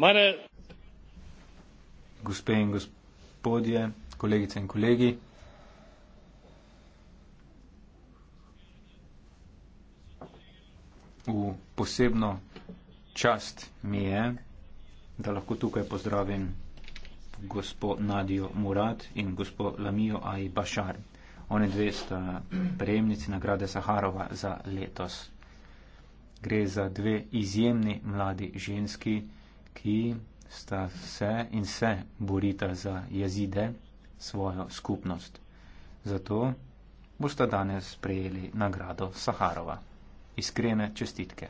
Mare. Gospe in gospodje, kolegice in kolegi. V posebno čast mi je, da lahko tukaj pozdravim gospo Nadijo Murat in gospo Lamijo Aji Bašar. One dve sta prejemnici nagrade Saharova za letos. Gre za dve izjemni mladi ženski, ki sta vse in se borita za jezide, svojo skupnost. Zato boste danes prejeli nagrado Saharova. Iskrene čestitke.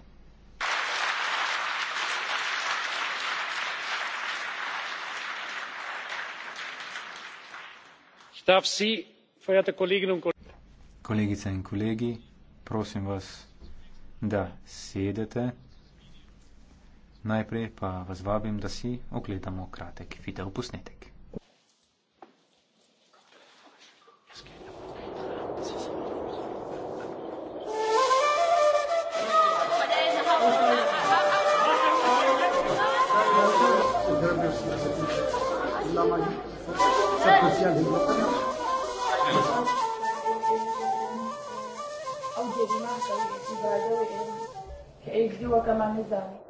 Vsi, Kolegice in kolegi, prosim vas, da sedete. Najprej pa vas vabim, da si ogledamo kratek video posnetek. Oggi è rimasto, ci sarà dove è? Che è il tuo camamizzato.